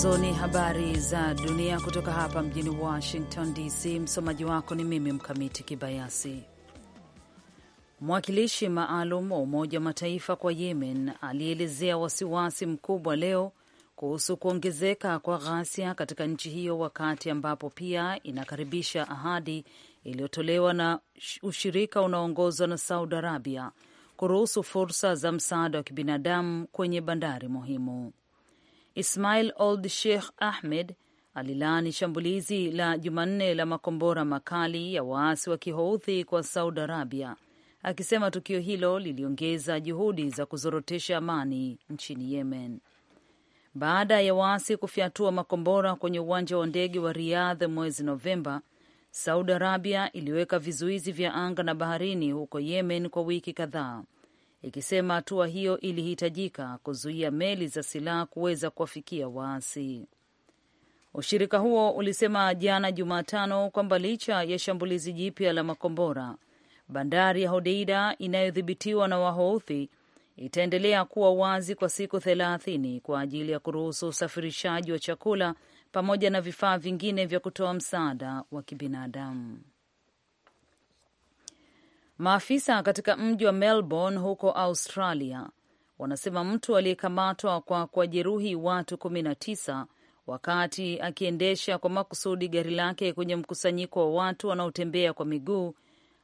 Zifuatazo ni habari za dunia kutoka hapa mjini Washington DC. Msomaji wako ni mimi Mkamiti Kibayasi. Mwakilishi maalum wa Umoja wa Mataifa kwa Yemen alielezea wasiwasi mkubwa leo kuhusu kuongezeka kwa ghasia katika nchi hiyo, wakati ambapo pia inakaribisha ahadi iliyotolewa na ushirika unaoongozwa na Saudi Arabia kuruhusu fursa za msaada wa kibinadamu kwenye bandari muhimu. Ismail Old Sheikh Ahmed alilaani shambulizi la Jumanne la makombora makali ya waasi wa Kihouthi kwa Saudi Arabia, akisema tukio hilo liliongeza juhudi za kuzorotesha amani nchini Yemen. Baada ya waasi kufyatua makombora kwenye uwanja wa ndege wa Riyadh mwezi Novemba, Saudi Arabia iliweka vizuizi vya anga na baharini huko Yemen kwa wiki kadhaa ikisema hatua hiyo ilihitajika kuzuia meli za silaha kuweza kuwafikia waasi. Ushirika huo ulisema jana Jumatano kwamba licha ya shambulizi jipya la makombora, bandari ya Hodeida inayodhibitiwa na Wahouthi itaendelea kuwa wazi kwa siku thelathini kwa ajili ya kuruhusu usafirishaji wa chakula pamoja na vifaa vingine vya kutoa msaada wa kibinadamu. Maafisa katika mji wa Melbourne huko Australia wanasema mtu aliyekamatwa kwa kuwajeruhi watu 19 wakati akiendesha kwa makusudi gari lake kwenye mkusanyiko wa watu wanaotembea kwa miguu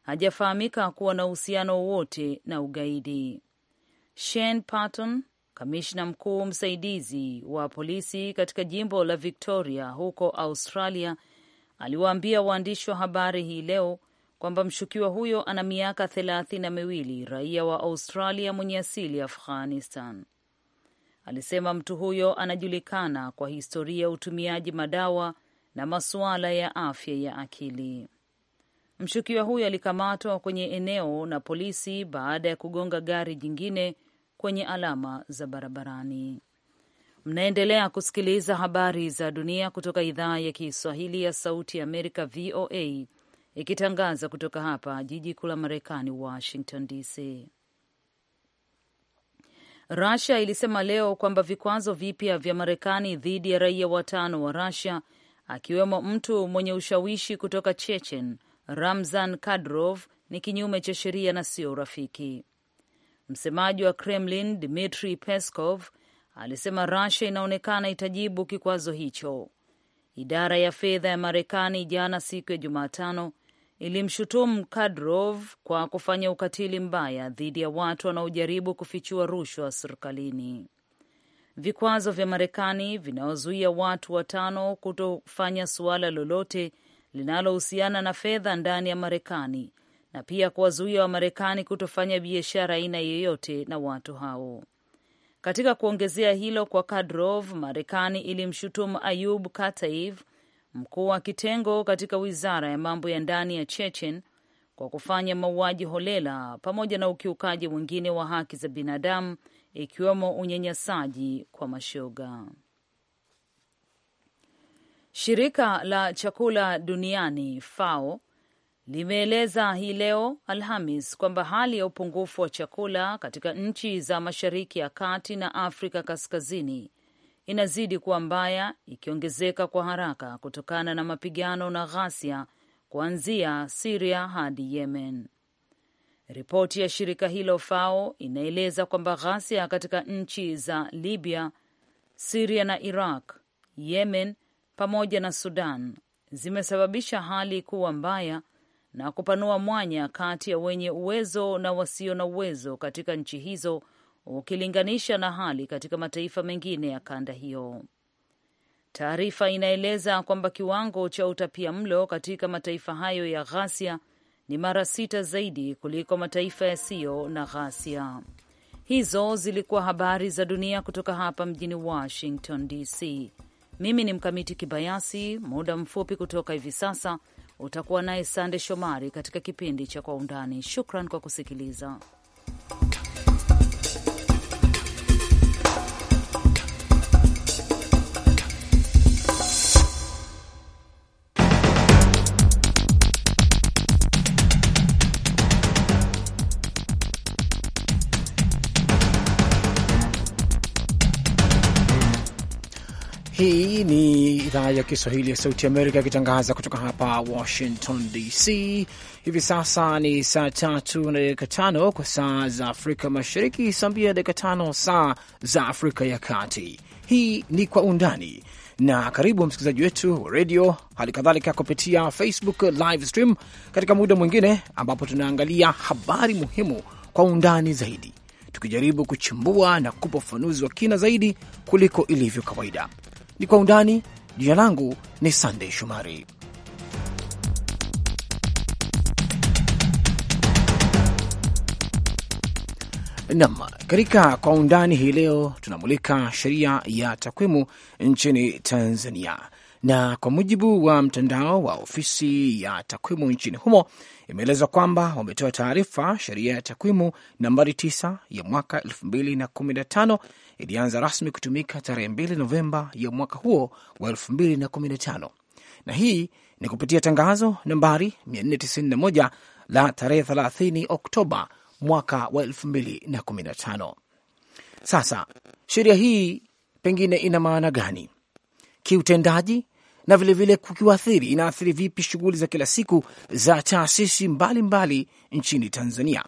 hajafahamika kuwa na uhusiano wowote na ugaidi. Shane Patton, kamishna mkuu msaidizi wa polisi katika jimbo la Victoria huko Australia, aliwaambia waandishi wa habari hii leo kwamba mshukiwa huyo ana miaka thelathini na miwili, raia wa Australia mwenye asili ya Afghanistan. Alisema mtu huyo anajulikana kwa historia ya utumiaji madawa na masuala ya afya ya akili. Mshukiwa huyo alikamatwa kwenye eneo na polisi baada ya kugonga gari jingine kwenye alama za barabarani. Mnaendelea kusikiliza habari za dunia kutoka idhaa ya Kiswahili ya Sauti ya Amerika, VOA, ikitangaza kutoka hapa jiji kuu la Marekani, Washington DC. Rusia ilisema leo kwamba vikwazo vipya vya Marekani dhidi ya raia watano wa Rusia, akiwemo mtu mwenye ushawishi kutoka Chechen, Ramzan kadrov ni kinyume cha sheria na sio urafiki. Msemaji wa Kremlin Dmitri Peskov alisema Rusia inaonekana itajibu kikwazo hicho. Idara ya fedha ya Marekani jana siku ya Jumatano ilimshutumu kadrov kwa kufanya ukatili mbaya dhidi ya watu wanaojaribu kufichua rushwa serikalini. Vikwazo vya Marekani vinaozuia watu watano kutofanya suala lolote linalohusiana na fedha ndani ya Marekani na pia kuwazuia Wamarekani kutofanya biashara aina yoyote na watu hao. Katika kuongezea hilo kwa kadrov Marekani ilimshutumu Ayub Kataiv mkuu wa kitengo katika wizara ya mambo ya ndani ya Chechen kwa kufanya mauaji holela pamoja na ukiukaji mwingine wa haki za binadamu ikiwemo unyanyasaji kwa mashoga. Shirika la chakula duniani FAO limeeleza hii leo Alhamis kwamba hali ya upungufu wa chakula katika nchi za Mashariki ya Kati na Afrika Kaskazini inazidi kuwa mbaya, ikiongezeka kwa haraka kutokana na mapigano na ghasia kuanzia Siria hadi Yemen. Ripoti ya shirika hilo FAO inaeleza kwamba ghasia katika nchi za Libya, Siria na Iraq, Yemen pamoja na Sudan zimesababisha hali kuwa mbaya na kupanua mwanya kati ya wenye uwezo na wasio na uwezo katika nchi hizo ukilinganisha na hali katika mataifa mengine ya kanda hiyo. Taarifa inaeleza kwamba kiwango cha utapia mlo katika mataifa hayo ya ghasia ni mara sita zaidi kuliko mataifa yasiyo na ghasia. Hizo zilikuwa habari za dunia kutoka hapa mjini Washington DC. Mimi ni Mkamiti Kibayasi. Muda mfupi kutoka hivi sasa utakuwa naye Sande Shomari katika kipindi cha Kwa Undani. Shukran kwa kusikiliza. Hii ni idhaa ya Kiswahili ya Sauti Amerika ikitangaza kutoka hapa Washington DC. Hivi sasa ni saa tatu na dakika tano kwa saa za Afrika Mashariki, saa mbili na dakika tano saa za Afrika ya Kati. Hii ni Kwa Undani na karibu msikilizaji wetu wa redio, hali kadhalika kupitia Facebook live stream, katika muda mwingine ambapo tunaangalia habari muhimu kwa undani zaidi, tukijaribu kuchimbua na kupa ufafanuzi wa kina zaidi kuliko ilivyo kawaida ni Kwa Undani. Jina langu ni Sandey Shumari. Nam, katika Kwa Undani hii leo tunamulika sheria ya takwimu nchini Tanzania na kwa mujibu wa mtandao wa ofisi ya takwimu nchini humo imeelezwa kwamba wametoa taarifa. Sheria ya takwimu nambari 9 ya mwaka 2015 ilianza rasmi kutumika tarehe 2 Novemba ya mwaka huo wa 2015, na hii ni kupitia tangazo nambari 491 la tarehe 30 Oktoba mwaka wa 2015. Sasa sheria hii pengine ina maana gani? kiutendaji na vilevile kukiwathiri, inaathiri vipi shughuli za kila siku za taasisi mbalimbali nchini Tanzania.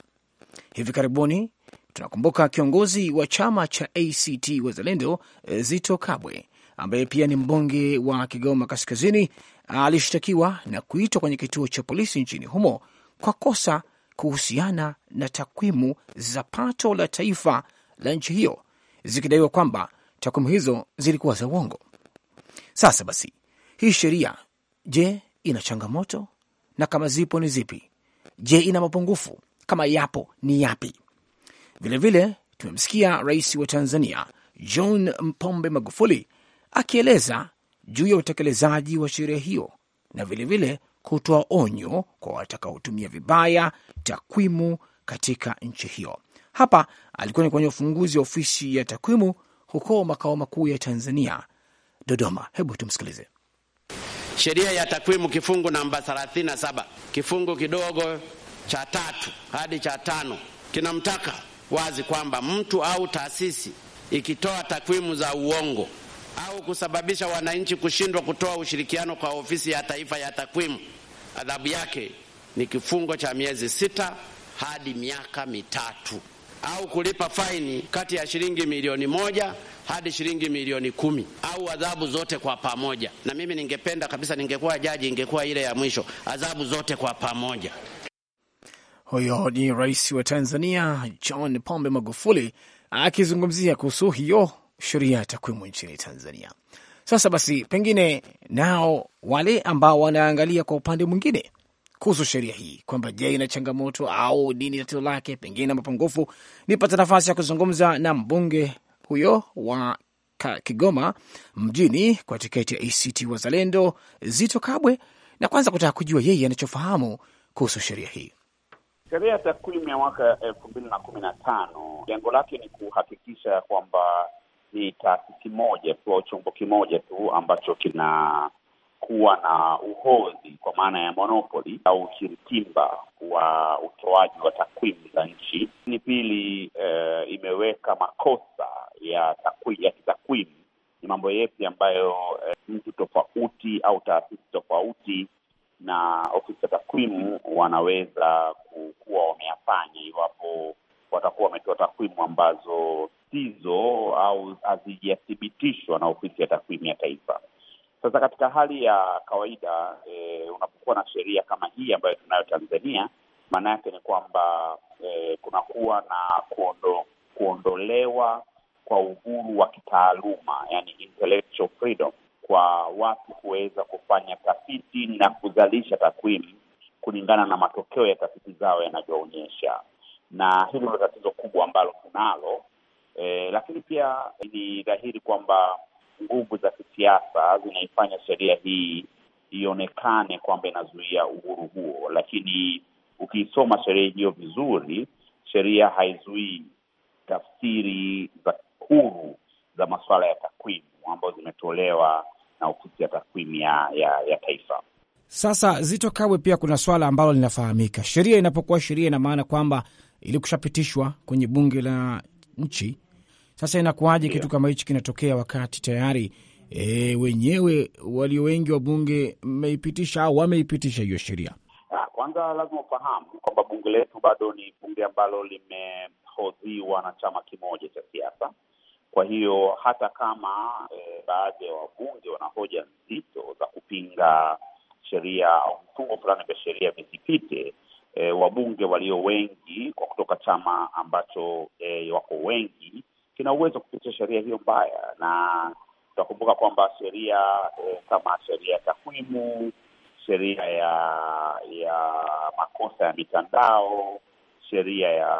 Hivi karibuni tunakumbuka kiongozi wa chama cha ACT Wazalendo Zito Kabwe ambaye pia ni mbunge wa Kigoma Kaskazini alishtakiwa na kuitwa kwenye kituo cha polisi nchini humo kwa kosa kuhusiana na takwimu za pato la taifa la nchi hiyo, zikidaiwa kwamba takwimu hizo zilikuwa za uongo. Sasa basi, hii sheria je, ina changamoto na kama zipo ni zipi? Je, ina mapungufu kama yapo ni yapi? Vilevile tumemsikia Rais wa Tanzania John Pombe Magufuli akieleza juu ya utekelezaji wa sheria hiyo na vilevile kutoa onyo kwa watakaotumia vibaya takwimu katika nchi hiyo. Hapa alikuwa ni kwenye ufunguzi wa ofisi ya takwimu huko makao makuu ya Tanzania Dodoma. Hebu tumsikilize. Sheria ya takwimu kifungu namba 37 kifungu kidogo cha tatu hadi cha tano kinamtaka wazi kwamba mtu au taasisi ikitoa takwimu za uongo au kusababisha wananchi kushindwa kutoa ushirikiano kwa ofisi ya taifa ya takwimu, adhabu yake ni kifungo cha miezi sita hadi miaka mitatu au kulipa faini kati ya shilingi milioni moja hadi shilingi milioni kumi au adhabu zote kwa pamoja. Na mimi ningependa kabisa, ningekuwa jaji, ingekuwa ile ya mwisho, adhabu zote kwa pamoja. Huyo ni rais wa Tanzania John Pombe Magufuli akizungumzia kuhusu hiyo sheria ya takwimu nchini Tanzania. Sasa basi, pengine nao wale ambao wanaangalia kwa upande mwingine kuhusu sheria hii kwamba je, ina changamoto au nini tatizo lake, pengine na mapungufu. Nipata nafasi ya kuzungumza na mbunge huyo wa Kigoma mjini kwa tiketi ya ACT Wazalendo Zito Kabwe, na kwanza kutaka kujua yeye anachofahamu kuhusu sheria hii. Sheria ya takwimu ya mwaka elfu mbili na kumi na tano lengo lake ni kuhakikisha kwamba ni taasisi moja tu au chombo kimoja tu ambacho kina kuwa na uhodhi kwa maana ya monopoli au kiritimba wa utoaji wa takwimu za nchi. Ni pili, uh, imeweka makosa ya kitakwimu ni mambo yepi ambayo uh, mtu tofauti au taasisi tofauti na ofisi ya takwimu wanaweza kuwa wameyafanya iwapo watakuwa wametoa takwimu ambazo sizo au hazijathibitishwa na ofisi ya takwimu ya taifa. Sasa katika hali ya kawaida e, unapokuwa na sheria kama hii ambayo tunayo Tanzania, maana yake ni kwamba e, kunakuwa na kuondo, kuondolewa kwa uhuru wa kitaaluma, yani intellectual freedom, kwa watu kuweza kufanya tafiti na kuzalisha takwimu kulingana na matokeo ya tafiti zao yanavyoonyesha, na hilo ndio tatizo kubwa ambalo tunalo. E, lakini pia ni dhahiri kwamba nguvu za kisiasa zinaifanya sheria hii ionekane kwamba inazuia uhuru huo, lakini ukiisoma sheria hiyo vizuri, sheria haizuii tafsiri za huru za masuala ya takwimu ambazo zimetolewa na ofisi ya takwimu ya, ya, ya taifa. Sasa Zito Kabwe, pia kuna swala ambalo linafahamika. Sheria inapokuwa sheria, ina maana kwamba ilikushapitishwa kwenye bunge la nchi sasa inakuwaje yeah, kitu kama hichi kinatokea wakati tayari e, wenyewe walio wengi wa bunge mmeipitisha au wameipitisha hiyo sheria? Ah, kwanza lazima ufahamu kwamba bunge letu bado ni bunge ambalo limehodhiwa na chama kimoja cha siasa. Kwa hiyo hata kama e, baadhi ya wabunge wana hoja nzito za kupinga sheria au vifungo fulani vya sheria visipite, e, wabunge walio wengi kwa kutoka chama ambacho e, wako wengi kina uwezo kupitia sheria hiyo mbaya, na tutakumbuka kwamba sheria eh, kama sheria ya takwimu, sheria ya ya makosa ya mitandao, sheria ya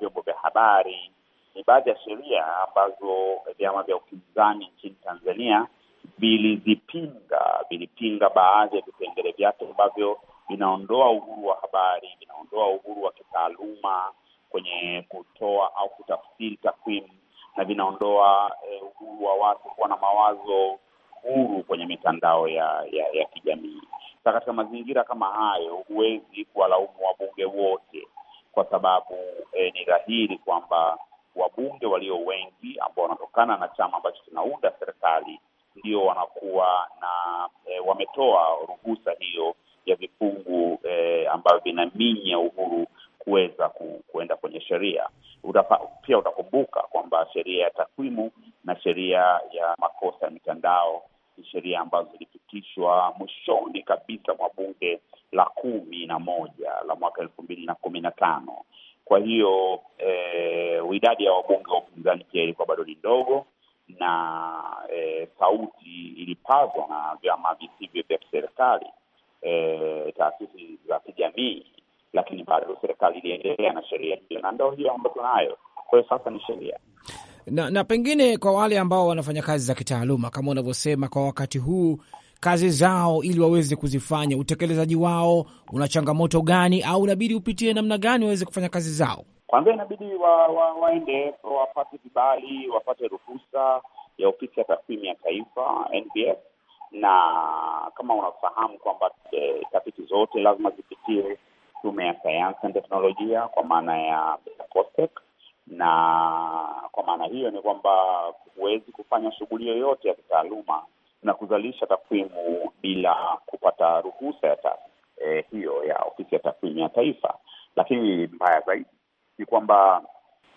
vyombo vya habari ni baadhi ya sheria ambazo vyama vya upinzani nchini Tanzania vilizipinga, vilipinga baadhi ya vipengele vyake ambavyo vinaondoa uhuru wa habari, vinaondoa uhuru wa kitaaluma kwenye kutoa au kutafsiri takwimu na vinaondoa eh, uhuru wa watu kuwa na mawazo huru kwenye mitandao ya ya, ya kijamii. Sa katika mazingira kama hayo, huwezi kuwalaumu wabunge wote kwa sababu eh, ni dhahiri kwamba wabunge walio wengi ambao wanatokana na chama ambacho kinaunda serikali ndio wanakuwa na e, wametoa ruhusa hiyo ya vifungu e, ambavyo vinaminya uhuru kuweza ku, kuenda kwenye sheria. pia utakumbuka kwamba sheria ya takwimu na sheria ya makosa ya mitandao ni sheria ambazo zilipitishwa mwishoni kabisa mwa bunge la kumi na moja la mwaka elfu mbili na kumi na tano. Kwa hiyo eh, idadi ya wabunge wa upinzani pia ilikuwa bado ni ndogo na eh, sauti ilipazwa na vyama visivyo vya kiserikali, eh, taasisi za kijamii lakini bado serikali iliendelea na sheria hiyo, na ndo hiyo ambayo tunayo. Kwa hiyo sasa ni sheria na, na pengine kwa wale ambao wanafanya kazi za kitaaluma kama unavyosema, kwa wakati huu kazi zao ili waweze kuzifanya, utekelezaji wao una changamoto gani, au inabidi upitie namna gani waweze kufanya kazi zao? Kwanza inabidi wa, wa, waende wapate vibali, wapate ruhusa ya ofisi ya takwimu ya taifa NBS, na kama unafahamu kwamba eh, tafiti zote lazima zipitie tume ya sayansi na teknolojia kwa maana ya COSTECH, na kwa maana hiyo ni kwamba huwezi kufanya shughuli yoyote ya kitaaluma na kuzalisha takwimu bila kupata ruhusa ya ta, eh, hiyo ya ofisi ya takwimu ya taifa. Lakini mbaya zaidi ni kwamba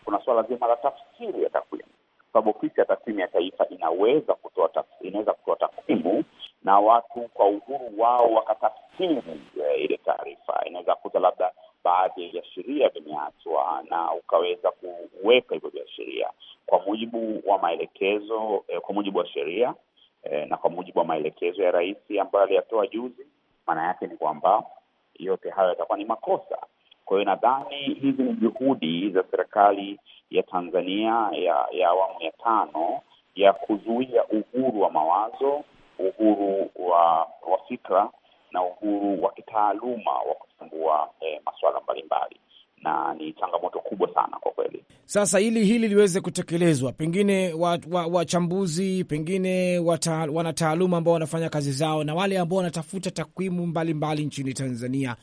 kuna suala zima la tafsiri ya takwimu sababu ofisi ya takwimu ya taifa inaweza kutoa inaweza kutoa takwimu na watu kwa uhuru wao wakatafsiri uh, ile taarifa. Inaweza kuta labda baadhi ya viashiria vimeachwa na ukaweza kuweka hivyo viashiria kwa mujibu wa maelekezo eh, kwa mujibu wa sheria eh, na kwa mujibu wa maelekezo ya rahisi ambayo aliyatoa juzi. Maana yake ni kwamba yote hayo yatakuwa ni makosa kwa hiyo nadhani hizi ni juhudi za serikali ya Tanzania ya, ya awamu ya tano ya kuzuia uhuru wa mawazo, uhuru wa, wa fikra na uhuru wa kitaaluma wa kuchambua eh, masuala mbalimbali na ni changamoto kubwa sana kwa kweli. Sasa ili hili liweze kutekelezwa, pengine wachambuzi wa, wa pengine wanataaluma ambao wanafanya kazi zao na wale ambao wanatafuta takwimu mbalimbali nchini Tanzania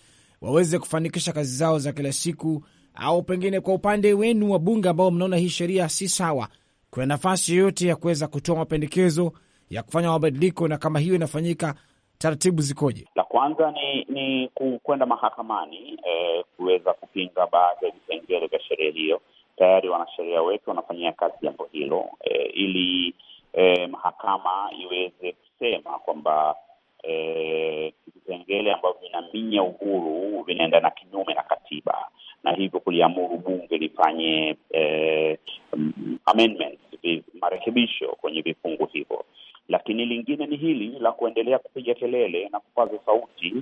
waweze kufanikisha kazi zao za kila siku, au pengine kwa upande wenu wa bunge ambao mnaona hii sheria si sawa, kuna nafasi yoyote ya kuweza kutoa mapendekezo ya kufanya mabadiliko? Na kama hiyo inafanyika, taratibu zikoje? La kwanza ni ni kwenda mahakamani eh, kuweza kupinga baadhi ya vipengele vya sheria hiyo. Tayari wanasheria wetu wanafanyia kazi jambo hilo eh, ili eh, mahakama iweze kusema kwamba eh, vipengele ambavyo vinaminya uhuru vinaendana kinyume na katiba, na hivyo kuliamuru bunge lifanye eh, mm, amendments, marekebisho kwenye vifungu hivyo. Lakini lingine ni hili la kuendelea kupiga kelele na kupaza sauti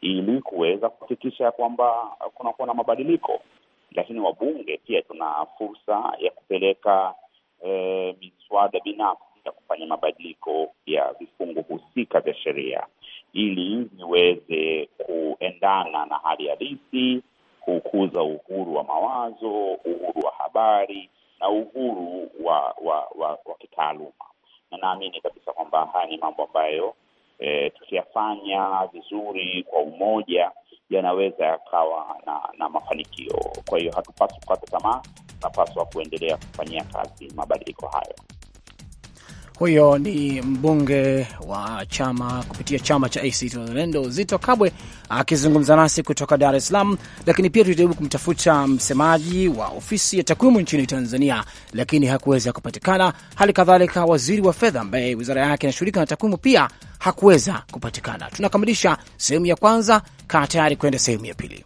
ili kuweza kuhakikisha kwamba kunakuwa na mabadiliko. Lakini wabunge pia tuna fursa ya kupeleka eh, miswada binafsi ya kufanya mabadiliko ya vifungu husika vya sheria ili ziweze kuendana na hali halisi, kukuza uhuru wa mawazo, uhuru wa habari na uhuru wa wa, wa, wa kitaaluma, na naamini kabisa kwamba haya ni mambo ambayo e, tukiyafanya vizuri kwa umoja yanaweza yakawa na, na mafanikio. Kwa hiyo hatupaswi kukata tamaa, tunapaswa kuendelea kufanyia kazi mabadiliko hayo. Huyo ni mbunge wa chama kupitia chama cha ACT Wazalendo Zito Kabwe akizungumza nasi kutoka Dar es Salaam. Lakini pia tulijaribu kumtafuta msemaji wa ofisi ya takwimu nchini Tanzania, lakini hakuweza kupatikana. Hali kadhalika waziri wa fedha ambaye wizara yake inashughulika na takwimu pia hakuweza kupatikana. Tunakamilisha sehemu ya kwanza. Kaa tayari kwenda sehemu ya pili.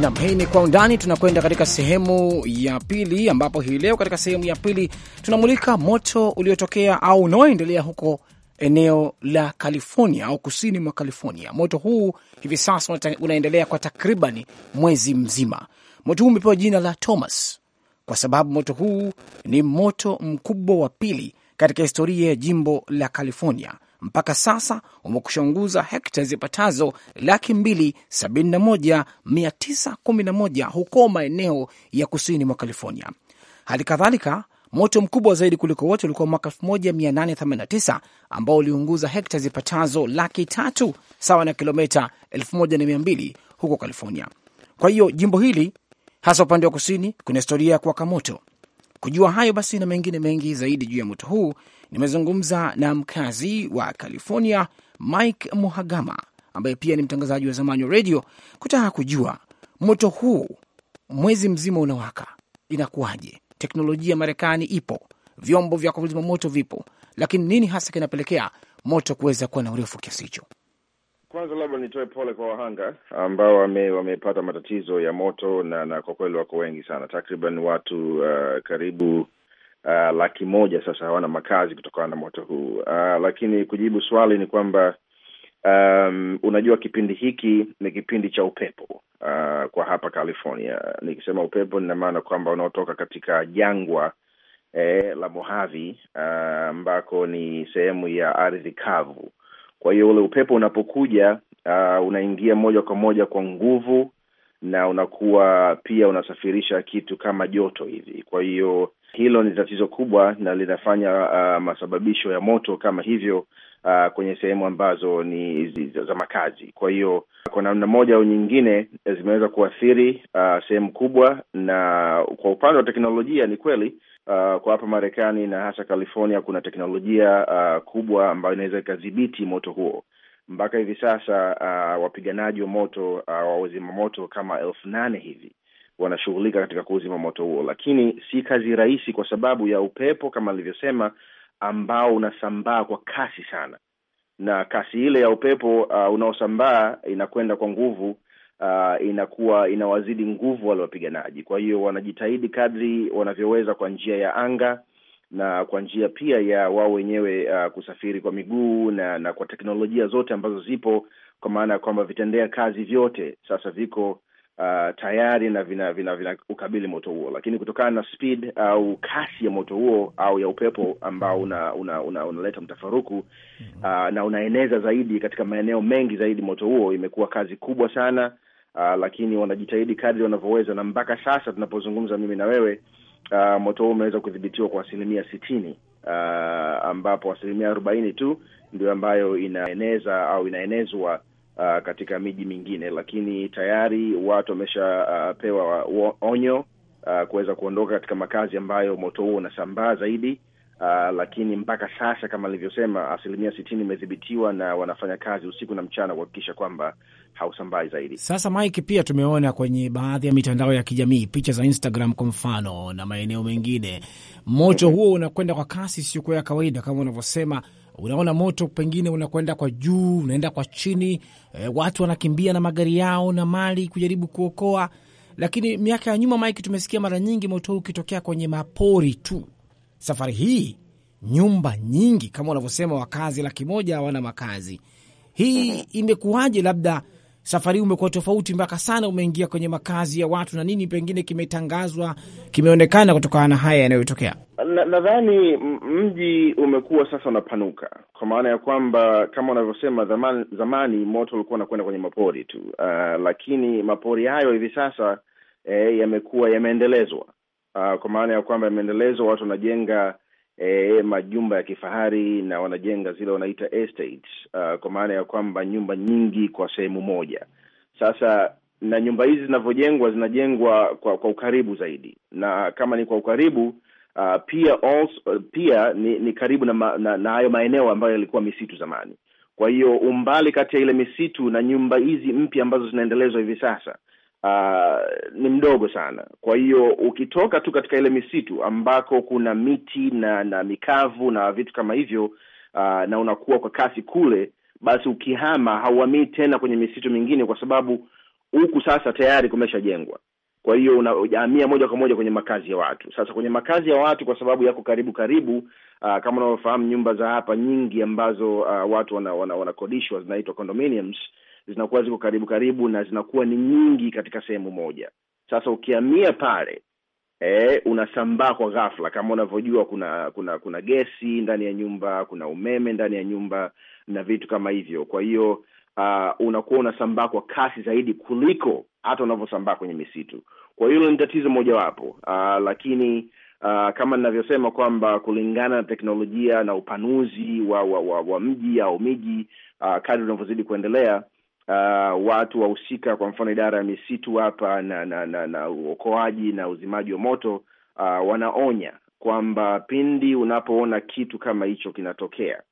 Nam, hii ni Kwa Undani. Tunakwenda katika sehemu ya pili, ambapo hii leo katika sehemu ya pili tunamulika moto uliotokea au unaoendelea huko eneo la California au kusini mwa California. Moto huu hivi sasa unaendelea kwa takriban mwezi mzima. Moto huu umepewa jina la Thomas kwa sababu moto huu ni moto mkubwa wa pili katika historia ya jimbo la California mpaka sasa wamekushunguza hekta zipatazo laki mbili sabini na moja mia tisa kumi na moja huko maeneo ya kusini mwa California. Hali kadhalika moto mkubwa zaidi kuliko wote ulikuwa mwaka 1889 ambao uliunguza hekta zipatazo laki tatu sawa na kilomita 1200 huko California. Kwa hiyo jimbo hili hasa upande wa kusini kuna historia ya kuwaka moto. Kujua hayo basi na mengine mengi zaidi juu ya moto huu, Nimezungumza na mkazi wa California Mike Muhagama ambaye pia ni mtangazaji wa zamani wa redio kutaka kujua moto huu mwezi mzima unawaka, inakuwaje? Teknolojia Marekani ipo, vyombo vya kuzima moto vipo, lakini nini hasa kinapelekea moto kuweza kuwa na urefu kiasi hicho? Kwanza labda nitoe pole kwa wahanga ambao wame, wamepata matatizo ya moto na na kwa kweli wako wengi sana, takriban watu uh, karibu uh, laki moja sasa hawana makazi kutokana na moto huu uh, lakini kujibu swali ni kwamba um, unajua kipindi hiki ni kipindi cha upepo uh, kwa hapa California. Nikisema upepo nina maana kwamba unaotoka katika jangwa eh, la mohavi ambako uh, ni sehemu ya ardhi kavu. Kwa hiyo ule upepo unapokuja uh, unaingia moja kwa moja kwa nguvu na unakuwa pia unasafirisha kitu kama joto hivi. Kwa hiyo hilo ni tatizo kubwa na linafanya uh, masababisho ya moto kama hivyo Uh, kwenye sehemu ambazo ni za makazi. Kwa hiyo kwa namna moja au nyingine zimeweza kuathiri uh, sehemu kubwa, na kwa upande wa teknolojia ni kweli uh, kwa hapa Marekani na hasa California kuna teknolojia uh, kubwa ambayo inaweza ikadhibiti moto huo. Mpaka hivi sasa uh, wapiganaji wa moto uh, wa wazima moto kama elfu nane hivi wanashughulika katika kuuzima moto huo, lakini si kazi rahisi kwa sababu ya upepo kama alivyosema, ambao unasambaa kwa kasi sana, na kasi ile ya upepo uh, unaosambaa inakwenda kwa nguvu Uh, inakuwa inawazidi nguvu wale wapiganaji. Kwa hiyo wanajitahidi kadri wanavyoweza kwa njia ya anga na kwa njia pia ya wao wenyewe uh, kusafiri kwa miguu na na kwa teknolojia zote ambazo zipo, kwa maana ya kwamba vitendea kazi vyote sasa viko uh, tayari na vina vina, vina ukabili moto huo, lakini kutokana na speed au kasi ya moto huo au ya upepo ambao unaleta una, una, una mtafaruku mhm. uh, na unaeneza zaidi katika maeneo mengi zaidi, moto huo imekuwa kazi kubwa sana uh, lakini wanajitahidi kadri wanavyoweza, na mpaka sasa tunapozungumza mimi na wewe uh, moto huo umeweza kudhibitiwa kwa asilimia sitini uh, ambapo asilimia arobaini tu ndio ambayo inaeneza au inaenezwa Uh, katika miji mingine, lakini tayari watu wameshapewa uh, onyo uh, kuweza kuondoka katika makazi ambayo moto huo unasambaa zaidi. Uh, lakini mpaka sasa kama alivyosema, asilimia sitini imedhibitiwa na wanafanya kazi usiku na mchana kuhakikisha kwamba hausambai zaidi. Sasa Mike, pia tumeona kwenye baadhi ya mitandao ya kijamii picha za Instagram kwa mfano na maeneo mengine, moto mhm. huo unakwenda kwa kasi siku ya kawaida kama unavyosema unaona moto pengine unakwenda kwa juu, unaenda kwa chini, e, watu wanakimbia na magari yao na mali kujaribu kuokoa. Lakini miaka ya nyuma, Mike, tumesikia mara nyingi moto huu ukitokea kwenye mapori tu. Safari hii nyumba nyingi, kama unavyosema, wakazi laki moja hawana makazi. Hii imekuwaje? labda safari hii umekuwa tofauti mpaka sana, umeingia kwenye makazi ya watu na nini, pengine kimetangazwa, kimeonekana kutokana na haya yanayotokea? Nadhani na mji umekuwa sasa unapanuka kwa maana ya kwamba kama unavyosema, zamani, zamani moto ulikuwa unakwenda kwenye mapori tu, uh, lakini mapori hayo hivi sasa eh, yamekuwa yameendelezwa, uh, kwa maana ya kwamba yameendelezwa, watu wanajenga e, majumba ya kifahari na wanajenga zile wanaita estate, uh, kwa maana ya kwamba nyumba nyingi kwa sehemu moja. Sasa na nyumba hizi zinavyojengwa zinajengwa kwa, kwa ukaribu zaidi, na kama ni kwa ukaribu Uh, pia also, uh, pia ni, ni karibu na hayo na, na maeneo ambayo yalikuwa misitu zamani. Kwa hiyo umbali kati ya ile misitu na nyumba hizi mpya ambazo zinaendelezwa hivi sasa uh, ni mdogo sana. Kwa hiyo ukitoka tu katika ile misitu ambako kuna miti na na mikavu na vitu kama hivyo uh, na unakuwa kwa kasi kule, basi ukihama hauhamii tena kwenye misitu mingine, kwa sababu huku sasa tayari kumeshajengwa. Kwa hiyo unahamia moja kwa moja kwenye makazi ya watu. Sasa kwenye makazi ya watu, kwa sababu yako karibu karibu, uh, kama unavyofahamu nyumba za hapa nyingi ambazo uh, watu wanakodishwa wana, wana zinaitwa condominiums zinakuwa ziko karibu karibu na zinakuwa ni nyingi katika sehemu moja. Sasa ukiamia pale e, unasambaa kwa ghafla. Kama unavyojua kuna kuna kuna gesi ndani ya nyumba, kuna umeme ndani ya nyumba na vitu kama hivyo. Kwa hiyo uh, unakuwa unasambaa kwa kasi zaidi kuliko hata unavyosambaa kwenye misitu. Kwa hiyo hilo ni tatizo mojawapo uh, lakini Uh, kama ninavyosema kwamba kulingana na teknolojia na upanuzi wa wa, wa, wa mji au miji uh, kadri unavyozidi kuendelea uh, watu wahusika, kwa mfano idara ya misitu hapa na na, na, na uokoaji na uzimaji wa moto uh, wanaonya kwamba pindi unapoona kitu kama hicho kinatokea,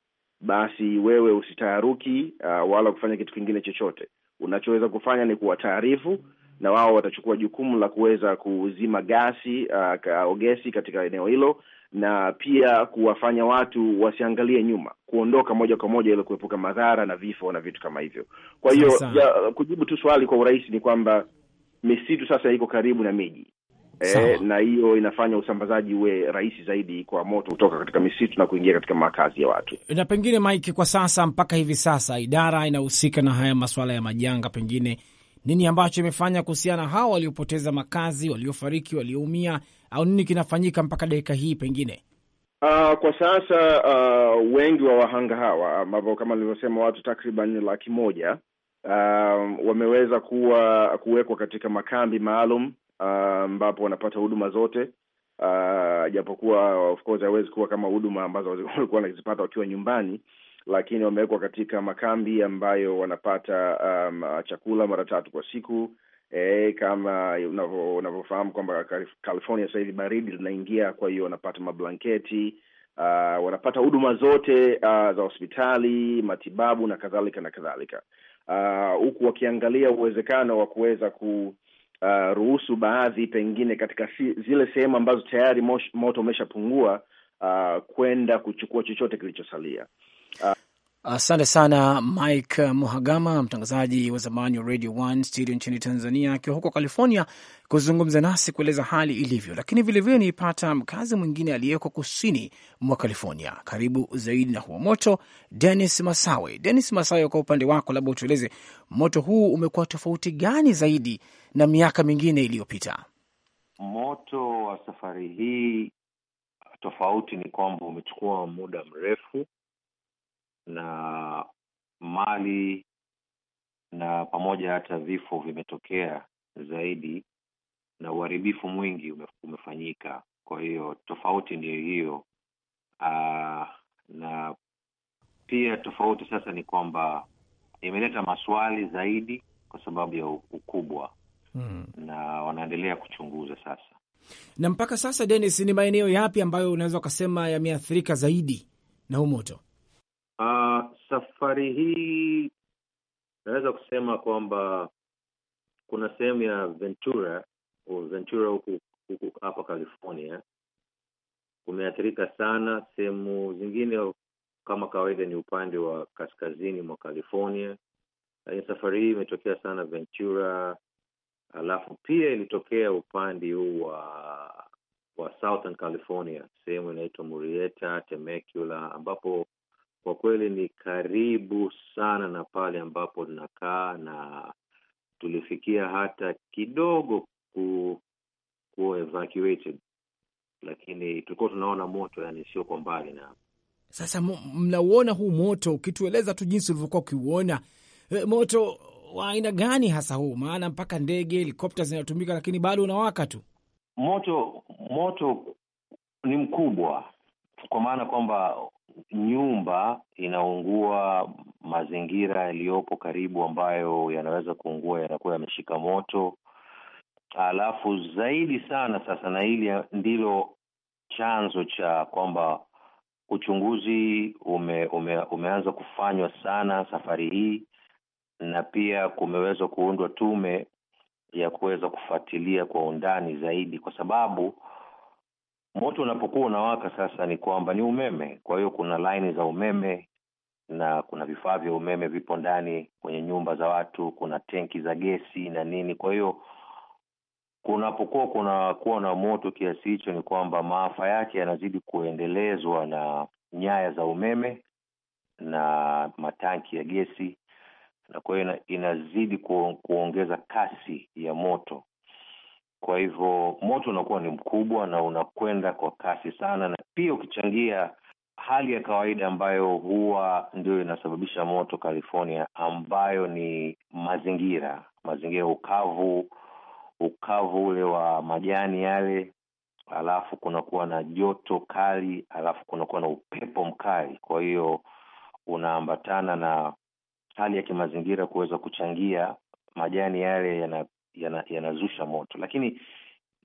basi wewe usitaharuki uh, wala kufanya kitu kingine chochote. Unachoweza kufanya ni kuwataarifu na wao watachukua jukumu la kuweza kuzima gasi uh, ka, gesi katika eneo hilo na pia kuwafanya watu wasiangalie nyuma, kuondoka moja kwa moja ili kuepuka madhara na vifo na vitu kama hivyo. Kwa hiyo kujibu tu swali kwa urahisi ni kwamba misitu sasa iko karibu na miji e, na hiyo inafanya usambazaji uwe rahisi zaidi kwa moto kutoka katika misitu na kuingia katika makazi ya watu. Na pengine Mike, kwa sasa mpaka hivi sasa idara inahusika na haya masuala ya majanga, pengine nini ambacho imefanya kuhusiana hawa waliopoteza makazi, waliofariki, walioumia, au nini kinafanyika mpaka dakika hii pengine? Uh, kwa sasa uh, wengi wa wahanga hawa ambapo kama nilivyosema watu takriban laki moja uh, wameweza kuwa kuwekwa katika makambi maalum ambapo uh, wanapata huduma zote japokuwa uh, of course hawezi kuwa kama huduma ambazo walikuwa wanazipata wakiwa nyumbani, lakini wamewekwa katika makambi ambayo wanapata um, chakula mara tatu kwa siku. E, kama unavyofahamu kwamba California sasa hivi baridi linaingia, kwa hiyo wanapata mablanketi uh, wanapata huduma zote uh, za hospitali, matibabu na kadhalika na kadhalika, uh, huku uh, wakiangalia uwezekano wa kuweza ku Uh, ruhusu baadhi pengine katika si, zile sehemu ambazo tayari mosh, moto umeshapungua uh, kwenda kuchukua chochote kilichosalia. Asante sana Mike Muhagama, mtangazaji wa zamani wa Radio One studio nchini Tanzania, akiwa huko California kuzungumza nasi kueleza hali ilivyo. Lakini vilevile niipata mkazi mwingine aliyeko kusini mwa California, karibu zaidi na huo moto, denis Masawe. Denis Masawe, kwa upande wako, labda utueleze moto huu umekuwa tofauti gani zaidi na miaka mingine iliyopita? Moto wa safari hii tofauti ni kwamba umechukua muda mrefu na mali na pamoja hata vifo vimetokea zaidi na uharibifu mwingi umefanyika. Kwa hiyo tofauti ndiyo hiyo. Aa, ah, na pia tofauti sasa ni kwamba imeleta maswali zaidi kwa sababu ya ukubwa hmm, na wanaendelea kuchunguza sasa. Na mpaka sasa, denis ni maeneo yapi ambayo unaweza ukasema yameathirika zaidi na huu moto? Uh, safari hii naweza kusema kwamba kuna sehemu ya Ventura Ventura huku huku hapa California kumeathirika sana. Sehemu zingine kama kawaida ni upande wa kaskazini mwa California, lakini safari hii imetokea sana Ventura, alafu pia ilitokea upande huu wa wa Southern California, sehemu inaitwa Murrieta, Temecula ambapo kwa kweli ni karibu sana na pale ambapo tunakaa na tulifikia hata kidogo ku, ku evacuated, lakini tulikuwa tunaona moto, yani sio kwa mbali. Na sasa mnauona huu moto, ukitueleza tu jinsi ulivyokuwa ukiuona e, moto wa aina gani hasa huu? Maana mpaka ndege, helikopta zinatumika, lakini bado unawaka tu moto. Moto ni mkubwa kwa maana kwamba nyumba inaungua, mazingira yaliyopo karibu ambayo yanaweza kuungua yanakuwa yameshika moto. Alafu zaidi sana sasa, na hili ndilo chanzo cha kwamba uchunguzi ume, ume, umeanza kufanywa sana safari hii, na pia kumeweza kuundwa tume ya kuweza kufuatilia kwa undani zaidi, kwa sababu Moto unapokuwa unawaka sasa, ni kwamba ni umeme. Kwa hiyo kuna laini za umeme na kuna vifaa vya umeme vipo ndani kwenye nyumba za watu, kuna tenki za gesi na nini. Kwa hiyo kunapokuwa kunakuwa na moto kiasi hicho, ni kwamba maafa yake yanazidi kuendelezwa na nyaya za umeme na matanki ya gesi, na kwa hiyo inazidi kuongeza kasi ya moto kwa hivyo moto unakuwa ni mkubwa na unakwenda kwa kasi sana, na pia ukichangia hali ya kawaida ambayo huwa ndio inasababisha moto California, ambayo ni mazingira, mazingira ukavu, ukavu ule wa majani yale, alafu kunakuwa na joto kali, alafu kunakuwa na upepo mkali. Kwa hiyo unaambatana na hali ya kimazingira kuweza kuchangia majani yale yana yanazusha yana moto, lakini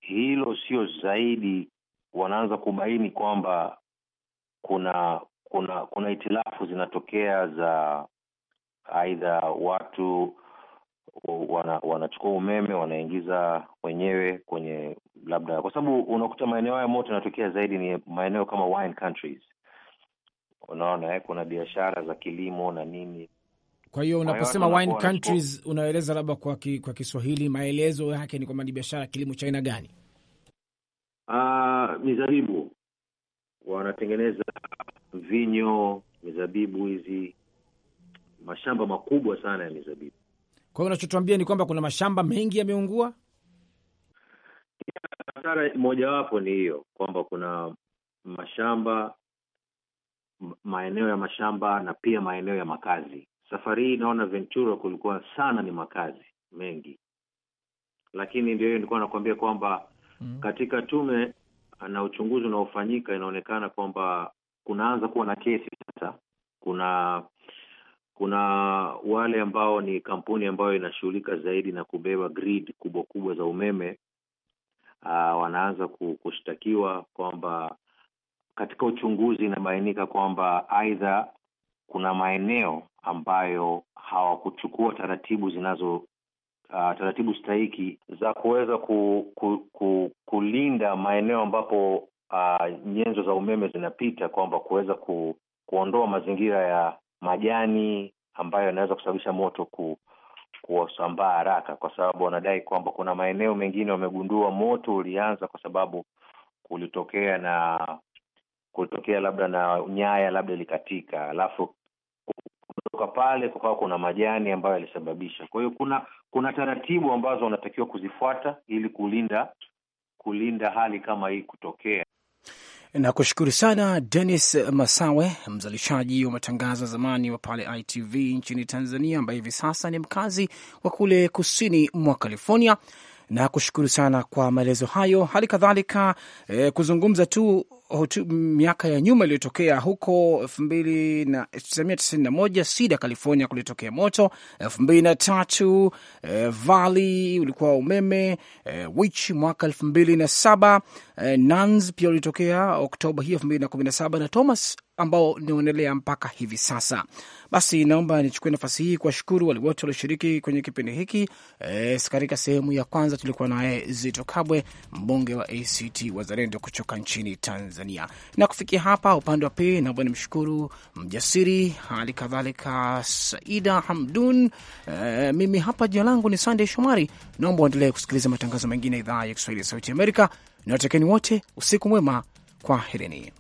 hilo sio zaidi. Wanaanza kubaini kwamba kuna kuna kuna itilafu zinatokea za aidha watu wana, wanachukua umeme wanaingiza wenyewe kwenye labda, kwa sababu unakuta maeneo haya moto yanatokea zaidi ni maeneo kama wine countries, unaona eh, kuna biashara za kilimo na nini kwa hiyo unaposema wine countries unaeleza labda kwa, ki, kwa Kiswahili maelezo yake ni kwamba ni biashara ya kilimo cha aina gani? Uh, mizabibu wanatengeneza vinyo, mizabibu hizi, mashamba makubwa sana ya mizabibu. Kwa hiyo unachotuambia ni kwamba kuna mashamba mengi yameungua. Hasara mojawapo ni hiyo kwamba kuna mashamba, maeneo ya mashamba na pia maeneo ya makazi Safari hii naona Ventura kulikuwa sana ni makazi mengi, lakini ndio hiyo nilikuwa nakuambia kwamba mm. katika tume uh, na uchunguzi unaofanyika inaonekana kwamba kunaanza kuwa na kesi sasa. Kuna kuna wale ambao ni kampuni ambayo inashughulika zaidi na kubeba grid kubwa kubwa za umeme aa, uh, wanaanza kushtakiwa kwamba katika uchunguzi inabainika kwamba aidha kuna maeneo ambayo hawakuchukua taratibu zinazo Uh, taratibu stahiki za kuweza ku, ku, ku, kulinda maeneo ambapo uh, nyenzo za umeme zinapita, kwamba kuweza ku, kuondoa mazingira ya majani ambayo yanaweza kusababisha moto ku, kuwasambaa haraka, kwa sababu wanadai kwamba kuna maeneo mengine wamegundua moto ulianza kwa sababu kulitokea na kutokea labda na nyaya labda ilikatika, alafu kutoka pale kukawa kuna majani ambayo yalisababisha. Kwa hiyo kuna kuna taratibu ambazo wanatakiwa kuzifuata ili kulinda kulinda hali kama hii kutokea. na kushukuru sana Dennis Masawe, mzalishaji wa matangazo ya zamani wa pale ITV nchini Tanzania, ambaye hivi sasa ni mkazi wa kule kusini mwa California. na kushukuru sana kwa maelezo hayo. Hali kadhalika eh, kuzungumza tu hotu, miaka ya nyuma iliyotokea huko elfu mbili na tisini na moja Sida, California kulitokea moto elfu mbili na tatu eh, Valley ulikuwa umeme eh, Wich mwaka elfu mbili na saba eh, Nans pia ulitokea Oktoba hii elfu mbili na kumi na saba na Thomas ambao unaendelea mpaka hivi sasa. Basi naomba nichukue nafasi hii kuwashukuru wale wote walioshiriki kwenye kipindi hiki. E, katika sehemu ya kwanza tulikuwa naye Zito Kabwe, mbunge wa ACT Wazalendo kutoka nchini Tanzania. Na kufikia hapa upande wa pili, naomba nimshukuru Mjasiri, hali kadhalika Saida Hamdun. E, mimi hapa jina langu ni Sandey Shomari. Naomba uendelee kusikiliza matangazo mengine ya idhaa ya Kiswahili ya Sauti Amerika, na watekeni wote usiku mwema, kwaherini.